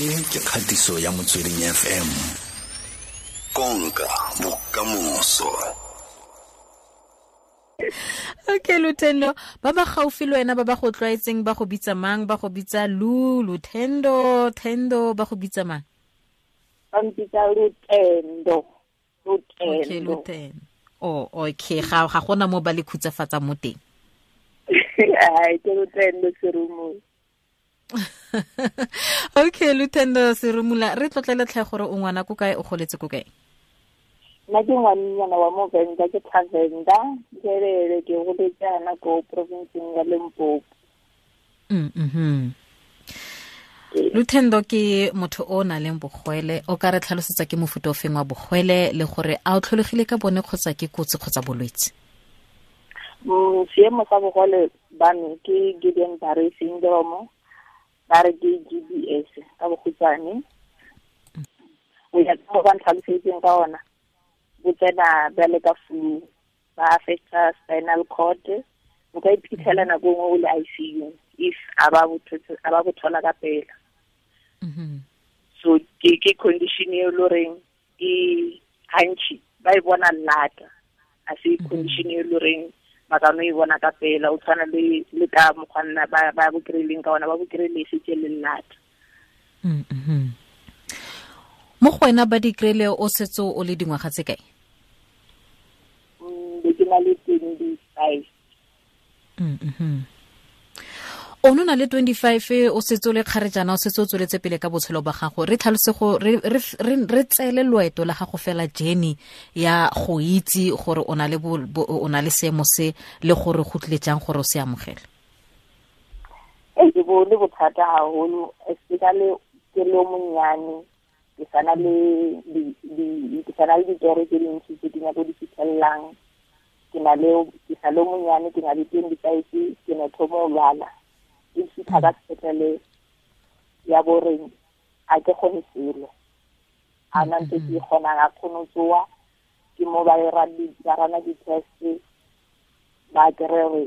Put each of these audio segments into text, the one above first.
e ke kgatiso ya motsweding fm konka bokamoso okay lutendo ba ba gaufi le wena ba ba go tlwaetseng ba go bitsa mang ba go bitsa lu lutendo tendo ba go bitsa mang ba mpitsa lutendo lutendo okay lutendo o oh, okay ga ga gona mo ba le khutsafatsa mo teng ai ke lutendo serumo okay lutendo serumula re tlotlele tlhe gore o ngwana ko kae o goletse ko kae nna ke ngwannyana wa movenda ke thavenda kelele ke goletse ana ko provinceng ya lempopo mm mm-hmm. luthendo ke motho o na leng bogwele o ka re tlhalosetsa ke mofuta o feng wa bogwele le gore a o tlholegile ka bone kgotsa ke kotsi kgotsa bolwetse mm, seemo sa bogwele bano ke gideon barre syndrome ba re ke g b s ka bokhutswane o ya ka ba ntlhalosetseng ka ona bo tsena ba le ka flu ba affecta spinal cord o ka iphitlhela nako e nngwe o le icu if a ba bo thola ka pela mm-hmm. so ke ke condition e le goreng e hantši ba e bona llata a se mm-hmm. condition e le goreng ba ka no e bona ka pela o tshwana le le ka mokgwanna ba ba bo kry-ileng ka ona ba bo kry-ile setse le nnata mm, mm-hmm. mo go wena ba di kry-ile o setse o le dingwaga tse kae mm, be ke na le twenty five mm, mm-hmm. o no na le 25 o setse o le kgarejana o setse o tsweletse pele ka botshelo ba gago re tlhalose go re re re tsele loeto la gago fela journey ya go itse gore o na le o na le seemo se le gore go tlile jang gore o se amogele e ke bone bothata haholo especially ke le monyane ke sana le ke sana le ditoro tse dintsi tse di nyako di fitlhelelang ke na le ke sa le monyane ke na le twenty five ke ne thomo o lwala e fitlha ka sepetlele ya boreng a ke kgone selo a na ntse ke kgonang a kgone tsoa ke mo ba ba rana di-test ba kerere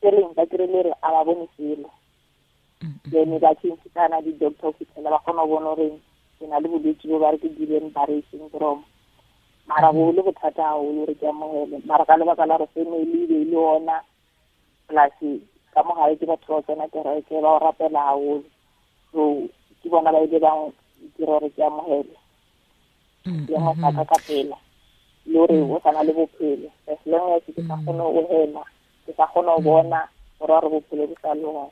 e reng ba kerele re a ba bone selo then ba tšhentšhitsana di-doctor go fitlhela ba kgona go bona goreng ke na le bolwetse bo ba re ke dileng barre e syndrome mara bo le bothata haholo re ke amogele mara ka lebaka la re family e be e le ona polase ka mogare ke batho ba tsena kereke ba o rapela haholo so ke bona ba ile bang dira gore ke amogele mm, ke amogaka mm, mm. ka pela le gore o sana le bophelo as long as ke sa kgone o hema ke sa kgone o bona gore wa re bophelo bo sa le gona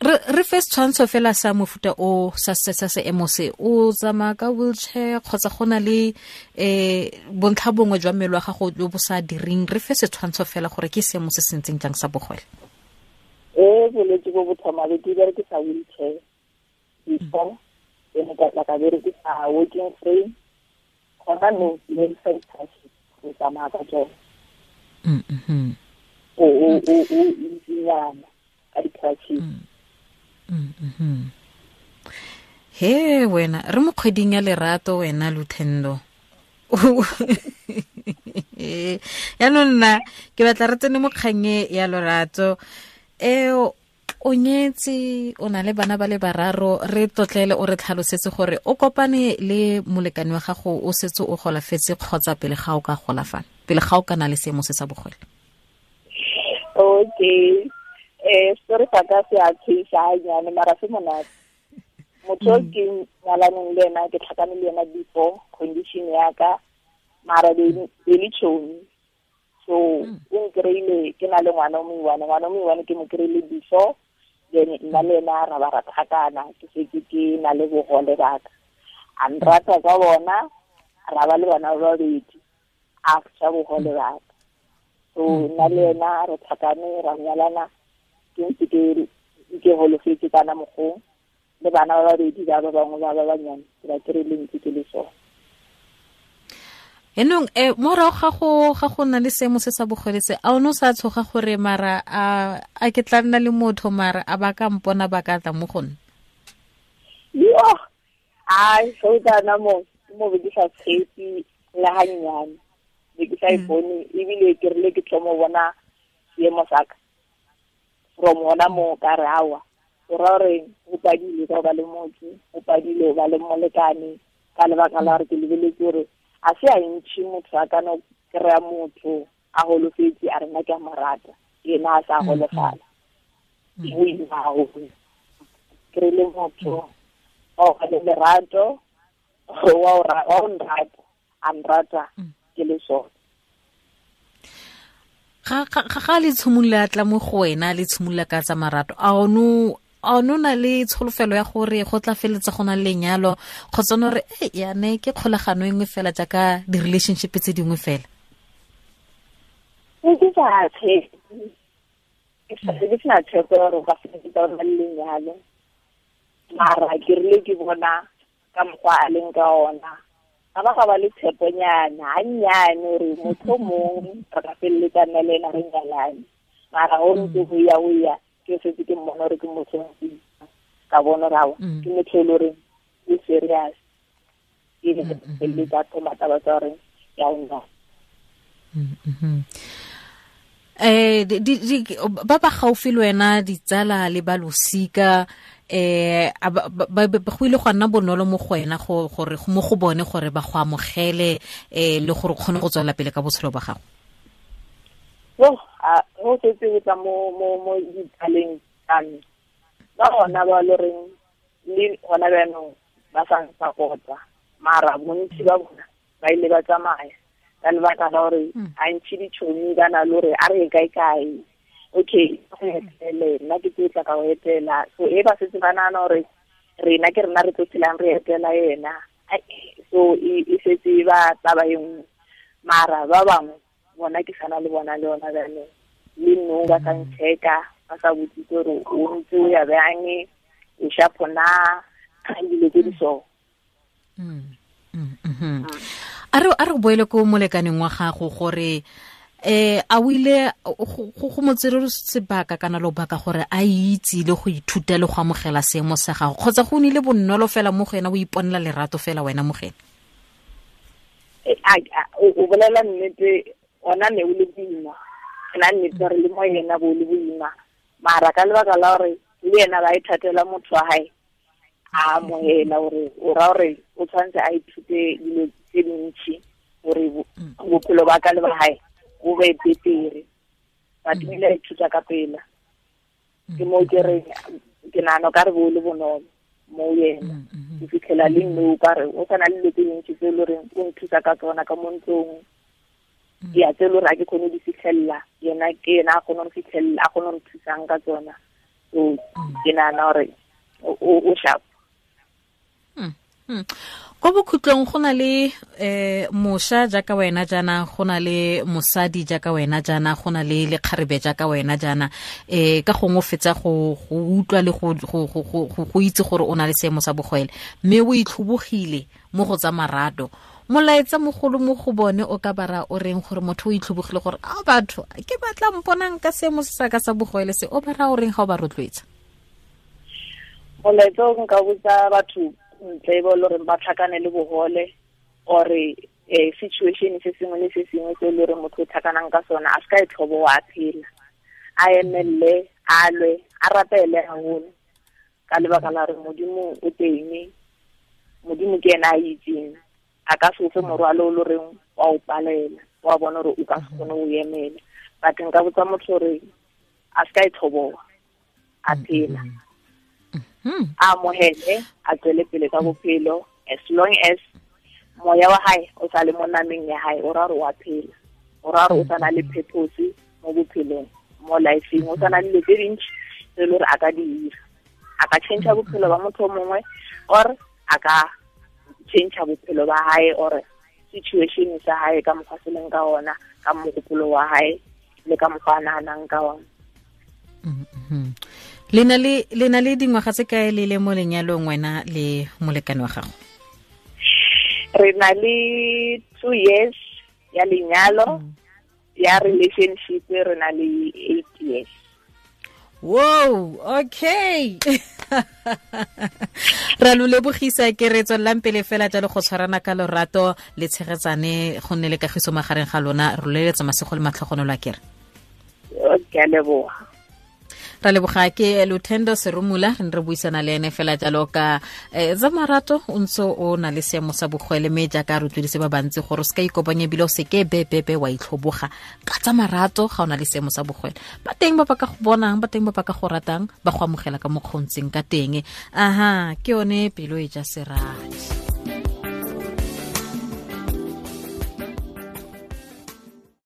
re re first tshwantsho fela sa mofuta o sa sa seemo se o tsamaya ka wheelchair kgotsa go na le um bontlha bongwe jwa mmele wa gago jo bo sa direng re fe se tshwantsho fela gore ke seemo se se ntseng jang sa bogole e bolwetse bo bo thoma be ke berekisa wheelchair before ene ka tla ka berekisa working frame gona no le sa itashi ke tsamaya ka tsone o o o o ntsinyana ka di-crutches Mm-hmm. he wena re mo kgweding ya lerato wena luthendo yaanong nna ke batla re tsene mo kgang e ya lorato eo o nyetse o na le bana ba le bararo re tlotlele o re tlhalosetse gore o kopane le molekane wa gago o setse o golafetse kgotsa pele ga o ka golafana pele ga o ka na le seemo se sa bogwele okay eh story sa ka se a tshisa a nyane mara se monate motho ke nyalaneng le ena ke tlhakane le ena before condition ya ka mara be le tšhomi so o nkry-ile ke na le ngwana o moiwane ngwana o moiwane ke mo kry-ile before then nna le ena ra ba ra thakana ke seke ke na le bogole baka a nrata ka bona ra ba le bana ba babedi a ja bogole baka so nna le ena re thakane ra nyalana ke ntse ke holofetse kana mogong le bana ba babedi ba ba bangwe ba ba banyane ke ba kere le ntse ke le sone enong e eh, morago ga go ga go na le seemo se sa bogoletse a o o sa tshoga gore mara a a ke tla nna le motho mara a ba ka mpona ba ka tla mo go nna yo ai so tsana mo mo be ke sa tshepi le hanyane be ke sa ipone e mm. ebile ke rile ke tlo mo bona seemo sa ka from gona mo ka re awa o ra gore o padile ka ba le motho o padile o ba le molekane ka lebaka la gore ke lebeletse gore a se a ntšhi motho a kana kry-a motho a golofetse a rena ke a mo rata a sa golofala o inao kry le motho o ba le lerato wa o nrata a nrata mm. ke le sone ga ga le tshumulla tla mo go wena le tshumulla ka tsa marato a ono a ono na le tsholofelo ya gore go tla feletse go na lenyalo go tsena re e ya ne ke kgolagano engwe fela ja ka di relationship tse dingwe fela ke ja tshe ke tsena tshepo ya go ka se ka re lenyalo mara ke rile ke bona ka mokgwa a leng ka ona ga ba ga ba le tsheponyana gannyane re motho mong re ka nna le ena re nyalane mara o ntse go ya o ya ke setse ke mmona gore ke motho ka bona rawa mm. ke motho e le goreng e serious ke mm, mm, feleletsa tomataba tsa goreng ya nna mm-hmm. eh ba ba gaufi le wena ditsala le balosika eh ba ba khuile go nna bonolo mo gwena go gore mo go bone gore ba go amogele eh le gore kgone go tswela pele ka botshelo ba gago yo a ho se se ka mo mo mo di taleng tsan ba bona ba lo reng le bona ba no ba sa sa kota mara mo ntse ba bona ba ile ba tsamaya ka le ba ka hore a ntse di tshoni kana lo re a re kae kae okay go etele nna ke tetla ka go etela so e ba setse ba naana gore rena ke rena re tlo tshelang re etela ena so e, e setse e ba taba e nngwe mara ba bangwe bona ke sana le bona le yona jane le nnong ba sancheka ba sa botsitse gore o ntse o ya bjange eshapo na kgandile tse di so mm, mm, mm, a re boele ko molekaneng wa gago gore eh a o ile go motserere sebaka kana lobaka gore a itse le go ithuta le go amogela seemo sa gago kgotsa go nile bonolo fela mo go ena o iponela lerato fela wena mo go ena eh, o bolela nnete ona ne o le boima ena nnete re le mo ena bo le boima mara ka lebaka la gore le ena ba ithatela e motho wa gae a mo ena gore o ra gore o tshwanetse a ithute dilo tse dintšhi gore mm. bophelo ba ka le ba gae go be betere but mm. ile ithuta ka pela mm. ke mo ke re ke nano ka re bo le bonolo mo yena mm, mm, ke fitlhela le nne o kare o sana le lete ntsi tse e leng o nthusa ka tsona ka mo ntlong ke a tse e leng ke kgone go di fitlhelela yena ke yena a kgone go fitlhelela a kgone go nthusang ka tsona so ke nana gore o sharp go bokhutlong go na le um mošwa jaaka wena jaana go na le mosadi jaaka wena jaana go na le lekgarebe jaaka wena jaana um ka gongwe o fetsa go utlwa le go itse gore o na le seemo sa bogwele mme o itlhobogile mo go tsa marato molaetsa mogolo mo go bone o ka bara o reng gore motho o itlhobogile gore a batho ke batla mponang ka seemo se sa ka sa bogwele se o bara o reng ga o ba rotloetsa molaetsa o nka botsa batho ntle ba le gore ba tlhakane le bogole or eh situation se sengwe le se sengwe se le gore motho o tlhakanang ka sona a se ka e tlhobo wa phela a emelle a lwe a rapele haholo ka lebaka la gore modimo o teng modimo ke ena a itseng a ka se ofe morwalo o le wa o palela wa bona gore o ka se kgone o emela but nka botsa motho gore a se e tlhoboa a phela mm -hmm. Hmm. a amohele a tswele pele ka bophelo as long as moya wa hae o sa le mo nameng ya hae o ra re wa phela o ra re o tsana le purpose mo bophelong mo lifeng o tsana le le tse dintsi tse le gore a ka di dira a ka change bophelo ba motho mongwe or a ka change bophelo ba hae or situation sa hae ka mokgwa se leng ka ona ka mogopolo wa hae le ka mokgwa a naganang ka ona hmm. le na le dingwaga tse kae le le mo lenyalong wena le molekane wa gago re na le two years ya lenyalo mm. ya relationship re na le eight years wow okay ra lo lebogisa keretso lampele fela jalo go tshwarana ka lorato le tshegetsane go nne le kagiso magareng ga lona re loeletsa masego le matlhogonelo a kere ke a leboga ra leboga ke lothendo seromula re ne re buisana le ene fela jalo ka tsa eh, marato o ntse o na le seemo sa bogwele mme jaaka re utlwedise ba bantsi gore o se ka ikopanye ebile o seke bebebe wa itlhoboga ka tsa marato ga o na le seemo sa bogwele ba teng ba ba ka go bonang ba teng ba ba ka go ratang ba go amogela ka mokgontseng ka teng aha ke yone pelo e ja serati